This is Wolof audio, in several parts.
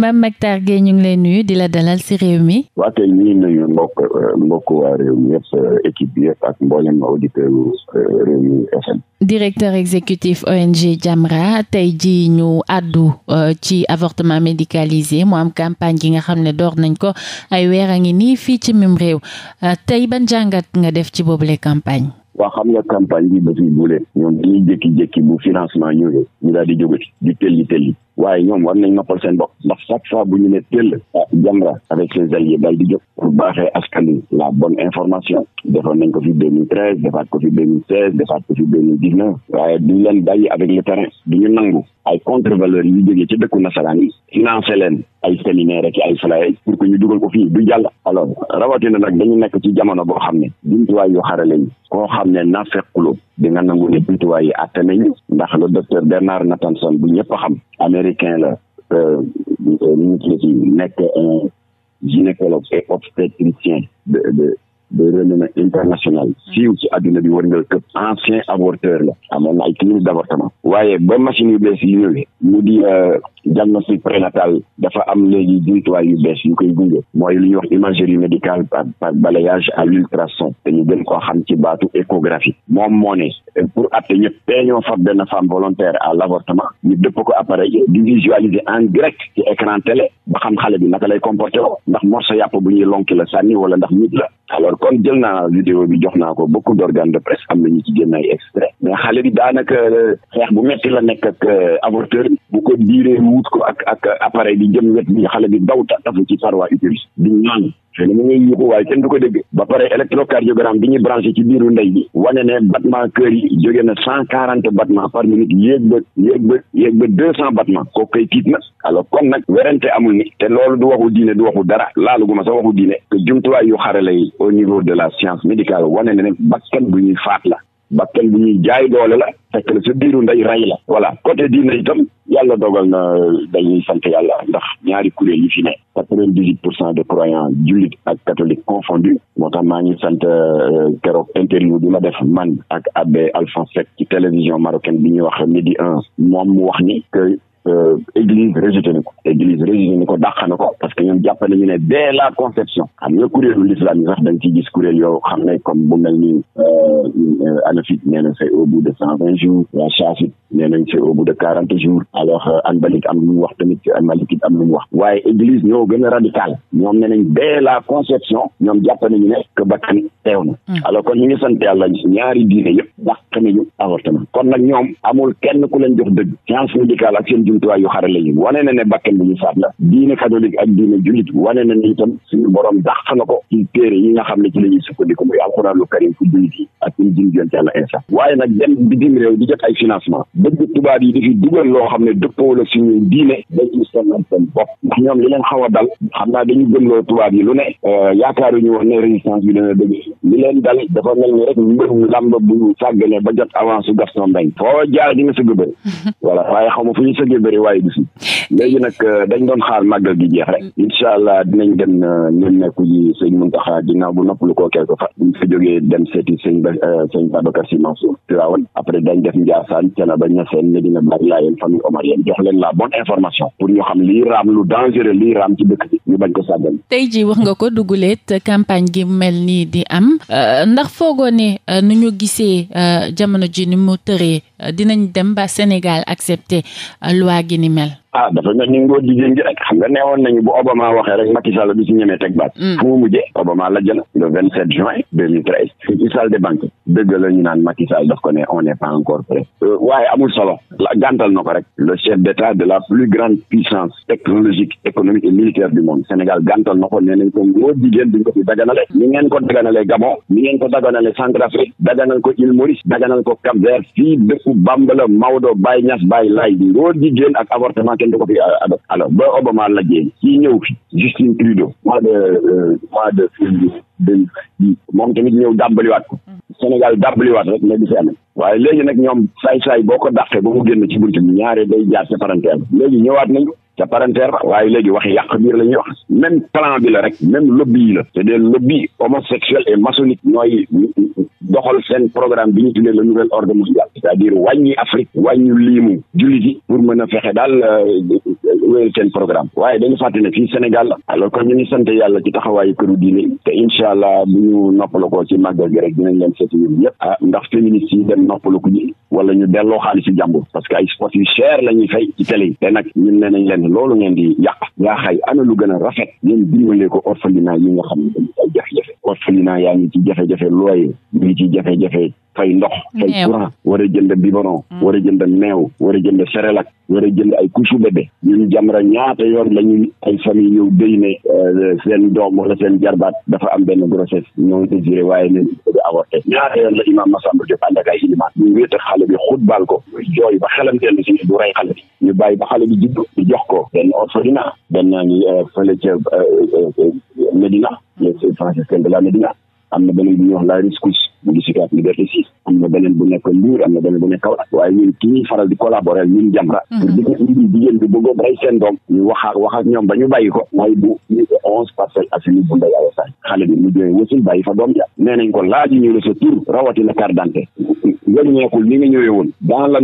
Mame Mactar Gueye ñu ngi lay nuyu di la dalal si réew mi waa ñuy nuyu mbokk euh, mbokk waa réew mi yëpp euh, équipe bi yëpp ak mboolem auditeur euh, réew mi FM directeur exécutif ONG Jamra tey ji ñu àddu ci avortement médicalisé mu am campagne gi nga xam ne door nañ ko ay weer a ngi nii fii ci mim réew tey ban jàngat nga def ci boobule campagne waa xam nga campagne bi dafay buule ñoom dañuy jékki-jékki bu financement ñëwee ñu daal di jógati di telli telli waaye ñoom war nañ noppal seen bopp ndax chaque fois bu ñu ne tell ah Jamra avec ses alliés daal di jóg pour baaxee askan wi la bonne information defoon nañ ko fi 2013 defaat ko fi 2016 defaat ko fi 2019 waaye duñ leen bàyyi avec le terrain du ñu nangu ay contre valeurs yu jógee ci dëkku nasaraan yi financé leen ay séminaire ak ay flyers pour que ñu dugal ko fii du jàll alors rawatina nag dañu nekk ci jamono boo xam ne jumtuwaay yu xarale yi koo xam ne na fekkuloo di nga nangu ne jumtuwaay yi àtte nañu ndax le docteur Bernard Nathanson bu ñëpp a xam américain la euh, euh, nekk un gynécologue et obstétricien de de renommée internationale mm. siiw ci àdduna bi war nga këpp ancien avorteur la amoon na ay clinique d'avortement waaye ba machine yu bees yi ñëwee mu di euh, diagnostic prénatal dafa am léegi jumtuwaay yu bees yu koy gunge mooy lu ñu wax imagerie médicale par par balayage à l'ultrason dañu gën ko xam ci baatu échographie moom moo ne pour atte ñëpp tee ñoo fab benn femme volontaire à l'avortement ñu dëpp ko appareil di visualiser en direct ci écran télé ba xam xale bi naka lay comporté wo ndax morceau yàpp bu ñuy lonki la sànni wala ndax kon jël naa vidéo bi jox naa ko beaucoup d'organes de presse am na ñu ci génn ay extrait mais xale bi daanaka xeex bu metti la nekk ak euh, avorteur bu ko diiree wut ko ak ak appareil bi jëm wet bi xale bi daw dafa ci paroi utérus bi ñaan xëy na mu ngay yuuxu kenn du ko dégg ba pare électrocardiogramme bi ñu branché ci biiru ndey bi wane ne battement cœur yi jóge na cent quarante battement par minute yéeg ba yéeg ba yéeg ba deux cent battement kooku koy tiit na alors kon nag werante amul ni te loolu du waxu diine du waxu dara laalu gu ma sax waxu diine que jumtuwaay yu xare yi au niveau de la science médicale wane ne ne bakkan bu ñuy faat la bakkan bu ñuy jaay doole la fekk na sa biiru ndey rey la voilà côté diine itam yàlla dogal na euh, dañuy sant yàlla ndax ñaari kuréel yi fi ne quatre-vingt-dix-huit pour cent de croyants jullit ak catholique confondus moo tax maa ñu sant euh, keroog interview bi ma def man ak abbé Alphonse Seck ci télévision marocaine bi ñuy wax midi un moom mu wax ni que Euh, église rejeté ko église rejeté ni ko dàq na ko parce que ñoom jàpp nañu ne dès la conception xam nga kuréelu l'islam yi sax dañ ciy gis ne comme bu mel ni euh, euh, de cent vingt jours waa chafit nee nañ c'est au bout de quarante jours alors anbalik am lu mu wax tamit anmalikit am lu mu wax waaye église ñoo gën a radical ñoom nee nañ dès la conception ñoom jàpp nañu ne que teew na mm. alors kon ñu ngi sant yàlla ñaari diine yëpp dàq nañu avortement kon nag ñoom amul Sëriñ Tuubaa yu xarale yi wane na ne bakkan bu ñu faat la diine catholique ak diine jullit wane na ne itam suñu borom dàq na ko ci téere yi nga xam ne ci la ñuy yi waaye nag dem bitim réew di jot ay financement bëgg tubaab yi dafi dugal loo xam ne dëppoowul ak suñu diine dañ ci sonnal seen bopp ndax ñoom li leen xaw dal xam naa dañu gëmloo tubaab yi lu ne euh, yaakaaruñu wax ne résistance bi dana dëgg li leen dal dafa mel ni rek mbërum làmb bu sàggane ba jot avance su Gaston Mbengue foo jaar di nga sëgg bëri voilà waaye xaw ma fu ñu sëggee bëri waaye du fi léegi nag euh, dañ doon xaar màggal gi jeex rek mm. incha allah dinañ dem ñun euh, nekku ji sëñ Muntaxa ginnaaw bu noppalu koo quelque fa ñu fa jógee dem seeti sëñ ba euh, sëñ Babacar Si Mansour Tiwaawan après dañ def Njaasaan Canaba Ñaseen Medina Baay Laayeen famille omarienne jox leen la bonne information pour ñu xam lii raam lu dangereux lii raam ci dëkk bi di ni mu tëree dinañ dem ba Sénégal accepté loi gi ni mel ah dafa mel ni ngóor jigéen gi rek xam nga neewoon nañu bu Obama waxee rek Macky du si ñemee teg baat mm. fu mu mujjee Obama la jël le vingt sept juin deux mille treize ci salle des banques dëgg la ñu naan Macky Sall daf ko ne on n'est pas encore prêt euh, waaye amul solo gàntal na ko rek le chef d'état de la plus grande puissance technologique économique et militaire du monde Sénégal gàntal na ko nee nañ ko ngóor jigéen duñ ko fi daganale ñi ngeen ngeen ko daganale Centrafrique kenn du ko fi euh, adopté alors ba Obama lajjee ci ñëw fi Justin Trudeau mois de euh, mois de février deux mille moom tamit ñëw dàmbaliwaat ko Sénégal dàmbaliwaat rek ne di fi waaye léegi nag ñoom saay-saay boo ko dàqee ba mu génn ci bunt bi ñaare day jaar sa parenté léegi ñëwaat nañu ca parenteer ba waaye léegi wax yàq biir la ñuy wax même plan bi la rek même lobby yi la c'est des lobby homosexuels et maçonniques ñooy doxal seen programme bi ñu tuddee la nouvel ordre mondial c'est-à-dire wàññi Afrique wàññi liimu jullit yi pour mën a fexe daal euh, seen programme waaye dañu fàtte ne fii Sénégal la alors que ñu ngi sant yàlla ci taxawaayu këru diine te incha allah bu ñu noppalu ko ci màggal gi rek dinañ leen seeti ñun ñëpp ah, ndax féministes yi dem noppalu ko ñi wala ñu delloo xaalis si jàmbur parce que ay sport la ñuy fay ci ne loolu ngeen di yàq yaa xay ana lu gën a rafet ngeen dimbalee ko orphelinat yi nga xam ne dañu orphelinat yaa ngi ci jafe-jafe loyer ñu ngi ci jafe-jafe fay ndox fay courant war jënd biberon mm. war a jënd meew war jënd serelak war a jënd ay couche bébé ñun Jamra ñaata yoon lañuy ñuy ay famille ñëw déy ne euh, seen doom wala seen jarbaat dafa am benn grossesse ñoo désiré waaye ne di ñaata yoon la imam Massamba Diop ànd ak ay ilimaan ñu wéete xale ko jooy ba xelam dellu si du rey xale ñu bàyyi ba xale bi juddu jox ko benn orphelinat benn euh, fële ca euh, Médina les franciscains de la Médina am na beneen bu ñuy wax la rescousse mu ngi Sicap beneen bu nekk Mbuur am na beneen bu nekk Kaolack waaye ñun ki ñuy faral di collaborer ñun Jamra ko mm-hmm. indi jigéen bi bëggoon seen doom ñu wax ak wax ak ñoom ba ñu bàyyi ko mooy bu unité onze Parcelles Assainies bu Ndeye Awa Sagne xale fa doom ja nee nañ ko laaj ñu la sa tur rawati la carte d'identité yoonu ñeekul ni nga ñëwee woon dans la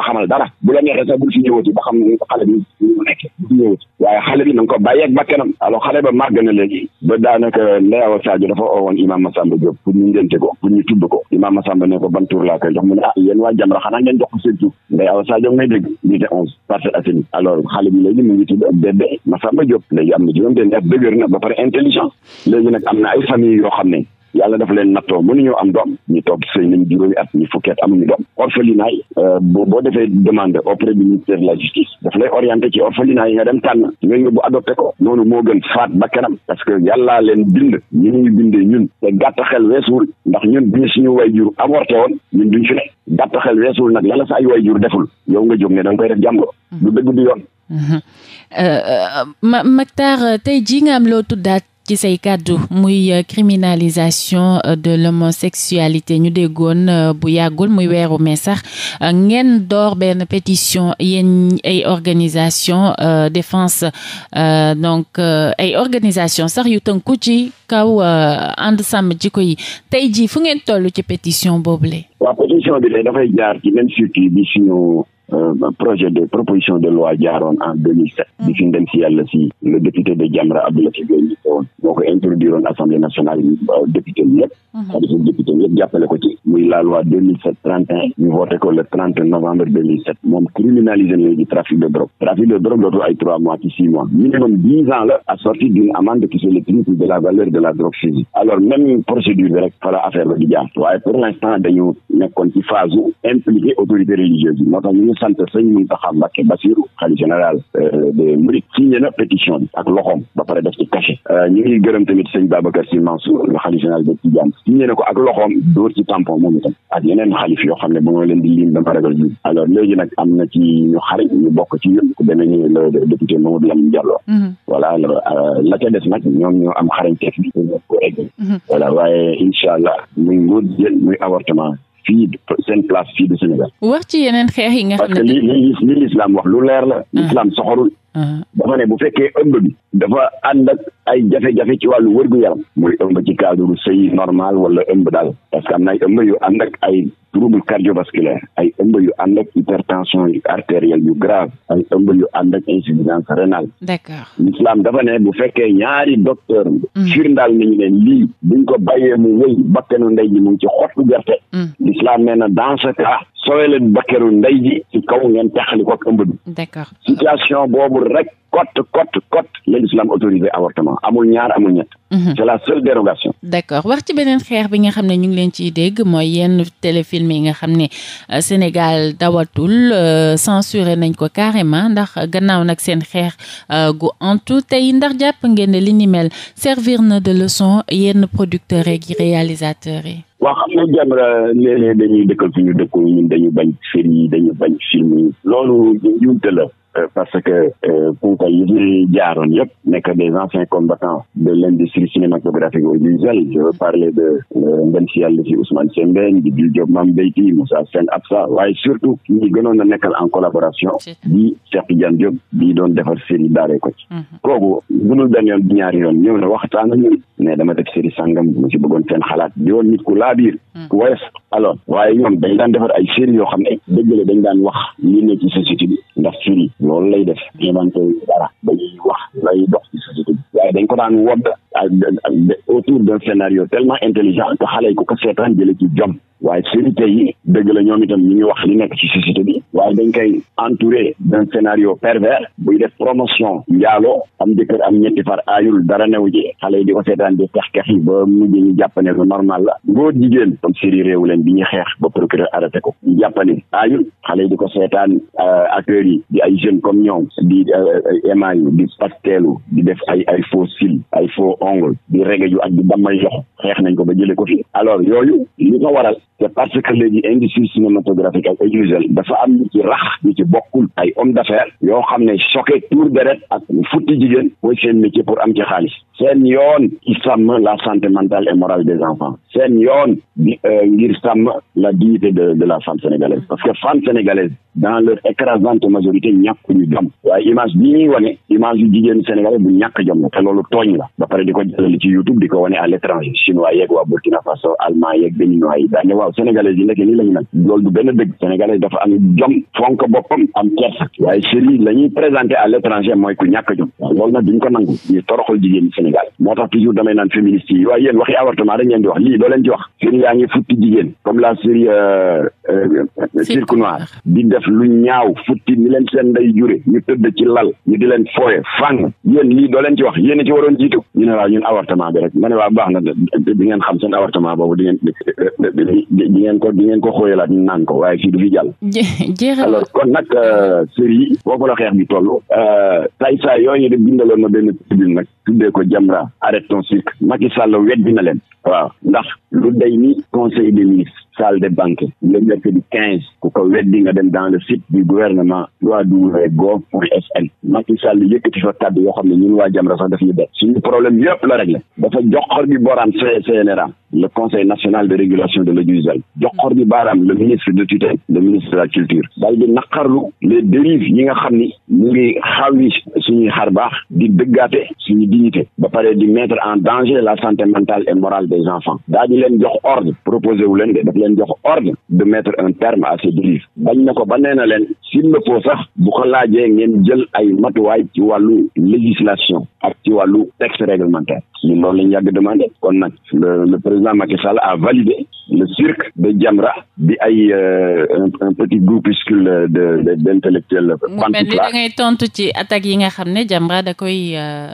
xamal dara bu la neexee sax bul fi ñëwati ba xam ne xale bi ñu nekk bu fi ñëwati waaye xale bi na ko bàyyi ak bakkanam alors xale ba màgg na léegi ba daanaka Ndeye Awa Sadio dafa oowoon Imam Massamba Diop pour ñu ngénte ko pour ñu tudd ko imaam Masamba ne ko ban tur laa koy jox mu ne ah yéen waa Jamra xanaa ngeen jox ko seen tur nday aw Sadio ngi may dégg unité onze Parcelles Assainies alors xale bi léegi mu ngi tudd ab bébé Masamba Diop am na juróom benn at dëgër na ba pare intelligent léegi nag am na ay famille yoo xam ne yàlla dafa leen nattoo mënuñoo am doom ñu toog sëy nañ juróomi at ñu fukki amuñu doom orphelinat yi euh, boo boo defee demande auprès du ministère de la justice daf lay orienté ci orphelinat yi nga dem tànn ñooñu bu adopté ko noonu moo gën faat ba kanam parce que yàllaa leen bind ñu ñuy bindee ñun te gàtt xel weesuwul ndax ñun bi suñu way jur avorté woon ñun duñ fi ne gàtt xel weesuwul nag lala sa ay way jur deful yow nga jóg ne da nga koy def jàmbur mhm. du dëgg ci say kàddu muy euh, criminalisation euh, de l'homosexualité ñu déggoon euh, bu yàggul muy weeru mai sax ngeen door benn pétition yéen ay organisation défense donc ay organisation sax yu ku ci kaw ànd sàmm jikko yi tey jii fu ngeen tollu ci pétition boobule. waaw Euh, projet de proposition de loi jaaroon en 2007. di mm. fi ndem si yàlla si le député de Jamra Abdoulaye Gueye ñu woon moo ko introduire assemblée nationale député bi yëpp. Mm-hmm. député bi yëpp ko ci. muy la loi 2007 31 ñu voté ko le 30 novembre 2007 moom criminalisé na léegi trafic de drogue. trafic de drogue ay trois mois ci six mois minimum dix ans la assorti d'une amende qui fait le triple de la valeur de la drogue sant sëñ Mountakha Mbacké Bassirou xalifa général euh, des Mourides signé na pétition bi ak loxoom ba pare def ci cachet euh, ñu ngi gërëm tamit sëñ Babacar Sy Mansour le xalifa général des Tidianes signé na ko ak loxoom dóor ci tampon moom itam ak ñeneen xalif yoo xam ne bu ma leen di lim dama ragal ji alors léegi nag am na ci ñu xarit ñu bokk ci ñun ku demee ni le député Mamadou Lamine Diallo mm-hmm. voilà euh, la ca des nag ñoom ñoo am xarañteef bi ñoo ko egg voilà waaye incha allah muy ngóor jël muy avortement fii seen place fii du Sénégal. wax ci yeneen xeex yi nga xam ne parce que li li wax lu leer la. Ah. lislaam soxorul. Uh-huh. dafa ne bu fekkee ëmb bi dafa ànd ak ay jafe-jafe ci wàllu wërgu-yaram muy ëmb ci cadre sëy normal wala ëmb daal parce que am na ay ëmb yu ànd ak ay trouble cardiovasculaire ay ëmb yu ànd ak hypertension artérielle yu grave ay ëmb yu ànd ak insuffisance rénale d'accord l'islam dafa ne bu fekkee ñaari docteur mm. firndaal nañu leen lii duñ ko bàyyee mu wéy bakkanu ndey ji mu ngi ci xottu gerte mm. l'islam nee na dans sooy leen bakkeeru ndey ji ci kaw ngeen taxali ko ak ëmb situation boobu rek cote cote cote la l'islam autorisé avortement amul ñaar amul ñett. Mhm. c'est la seule dérogation. d'accord wax ci beneen xeex bi nga xam ne ñu ngi leen ciy dégg mooy yenn téléfilm yi nga xam ne euh, Sénégal dawatul euh, censuré nañ ko carrément ndax gannaaw nag seen xeex euh, gu tout tey ndax jàpp ngeen ne li ni mel servir na de leçon yenn producteur producteurs yi réalisateurs yi. waaw xam nga Jamra léeg-léeg dañuy dëkkal suñu dëkku ñun dañu bañ série yi dañu bañ film yi loolu njuumte la euh, parce que euh, punko yi fi jaaroon yëpp nekk des anciens combattants de l'industrie cinématographique audiovisuelle je veux parler de euh, ngeen si yàlla si Ousmane Sembène di Dil Diop Mame Beyti Moussa Sène Absa waaye surtout ñi gënoon a nekkal en collaboration di Cheikh Tidiane Diop di doon defar série daaree ko ci mhm. kooku gunul benn yoon di ñaari yoon ñëw na waxtaan ak ñun ne dama def série sangam mu ci bëggoon seen xalaat di ku laa biir hmm. ku woyof alors waaye dañ daan defar ay série yoo xam ne dëgg la dañ daan wax li ne ci société bi ndax série loolu lay def inventé dara dañuy wax lay dox ci société bi waaye dañ ko daan wodd autour d'un scénario tellement intelligent que xale yi ku ko seetaan jële ci jom waaye sécurité yi dëgg la ñoom itam ñu ngi wax li nekk ci société bi waaye dañ koy entouré d'un scénario pervers buy def promotion njaaloo am jëkkër am ñetti far ayul dara new ji xale yi di ko seetaan di xeex xeex yi ba mujj ñu jàpp ne lu normal la góor jigéen comme série réew leen bi ñuy xeex ba procureur arrêté ko ñu jàpp ne xale yi di ko seetaan euh, acteurs yi di ay jeunes comme ñoom di émayu euh, euh, di pasteelu di def ay ay faux cils ay faux ongul di regeju ak di dammay yox xeex nañ ko ba jëlee ko fi alors yooyu li ko waral c'est parce que léegi industrie cinématographique ak audiovisuel dafa am ñu ci rax ñu ci bokkul ay hommes d'affaires yoo xam ne choqué tour deret ak futti jigéen mooy seen métier pour am ci xaalis seen yoon ci sàmm la santé et morale des enfants seen yoon di euh, ngir sàmm la dignité de de la femme sénégalaise parce que femme sénégalaise dans leur écrasante majorité ñàkkuñu jom jom di ko jàllale ci YouTube di ko wane à l'étranger chinois yeeg waa Burkina Faso allemand yeeg béninois yi daane waaw sénégalais yi nekk nii la ñu nag loolu du benn dëgg sénégalais dafa am jom fonk boppam am kersa waaye série la ñuy présenté à l'étranger mooy ku ñàkk jom waaw loolu nag duñ ko nangu ñu toroxal jigéen Sénégal moo tax toujours damay naan féministes yi waaye yéen waxi avortement rek di wax lii doo ci wax série yaa ngi futti jigéen comme la série euh, euh, euh, cirque noir di def lu ñaaw futti waaw ñun awartement bi rek ma ne waa baax na di ngeen xam seen avortement boobu di ngeen di ngeen ko di ngeen ko xóoyalaat ñu naan ko waaye fii du fi jàll. alors kon nag euh, sër yi. boo la xeex bi toll. Euh, saay saay yooyu ñu def bindaloon ma benn tribune nag. tuddee ko Jamra arrête ton cirque Macky Sall weddi na leen waaw ndax lu day ni conseil des ministres salle des banquets le mercredi quinze ku ko weddi nga dem dans le site du gouvernement www.gov.sn Macky Sall yëkkati fa kàddu yoo xam ne ñun waa Jamra sax def ñu bet suñu problème yëpp la réglé dafa jox xor bi boraan CNRA le conseil national de régulation de l'audiovisuel joxoor bi baaraam le ministre de tutelle le ministre de la culture daal di naqarlu les dérives yi nga xam ni mu ngi xawi suñuy xar baax di dëggaate suñu dignité ba pare di mettre en danger la santé mentale et morale des enfants daañu leen jox ordre proposé wu leen de daf leen jox ordre de mettre un terme à ces dérives bañ na ko ba nee na leen s'il le sax bu ko laajee ngeen jël ay matuwaay ci wàllu législation ak ci wàllu texte réglementaire ñu loolu lañu yàgg demandé kon nag le le président Macky Sall a validé le cirque de Jamra bi ay euh, un un petit groupuscule de de d' intellectuels. mu mel ni da ngay tontu ci attaques yi nga xam ne Jamra da koy euh,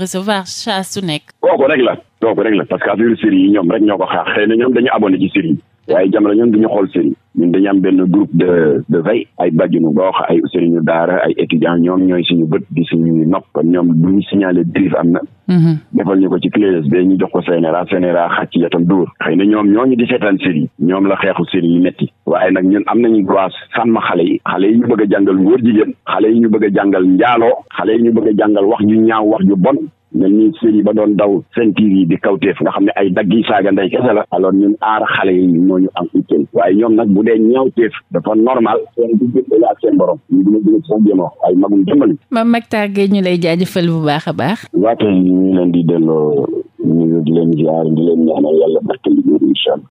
recevoir saa su nekk. kooku rek la kooku rek la parce que affaire série yi ñoom rek ñoo ko xaar xëy na ñoom dañu abonné ci série waaye jamono ñoom duñu xool sëriñ ñun dañu am benn groupe de de veille ay bàjjenu gox ay sëriñu daara ay étudiants ñoom ñooy suñu bët di suñuy nopp ñoom ñu signalé dérive am na mm-hmm. defal ñu ko ci ñu jox ko CNRA CNRA xàcc yatam dóor xëy na ñoom ñooñu di seetaan sëriñ ñoom la xeexu sëriñ yi metti waaye nag ñun am nañu droit sàmm xale yi xale yi ñu bëgg a jàngal ngóor jigéen xale yi ñu bëgg a jàngal njaaloo xale yi ñu bëgg jàngal wax ju ñaaw wax ju bon mel ni série ba doon daw seen TV di kaw kawteef nga xam ne ay dagg yi saaga ndey kese la alors ñun aar xale yi moo ñu am itteel waaye ñoom nag bu dee ñaawteef dafa normal seen ak seen borom ñu dina a ay magum jëmbali Mame Mactar Guèye ñu lay jaajëfal bu baax a baax waate ñu leen di delloo ñu di leen ziar di leen ñaanal yàlla barke liggéey bi incha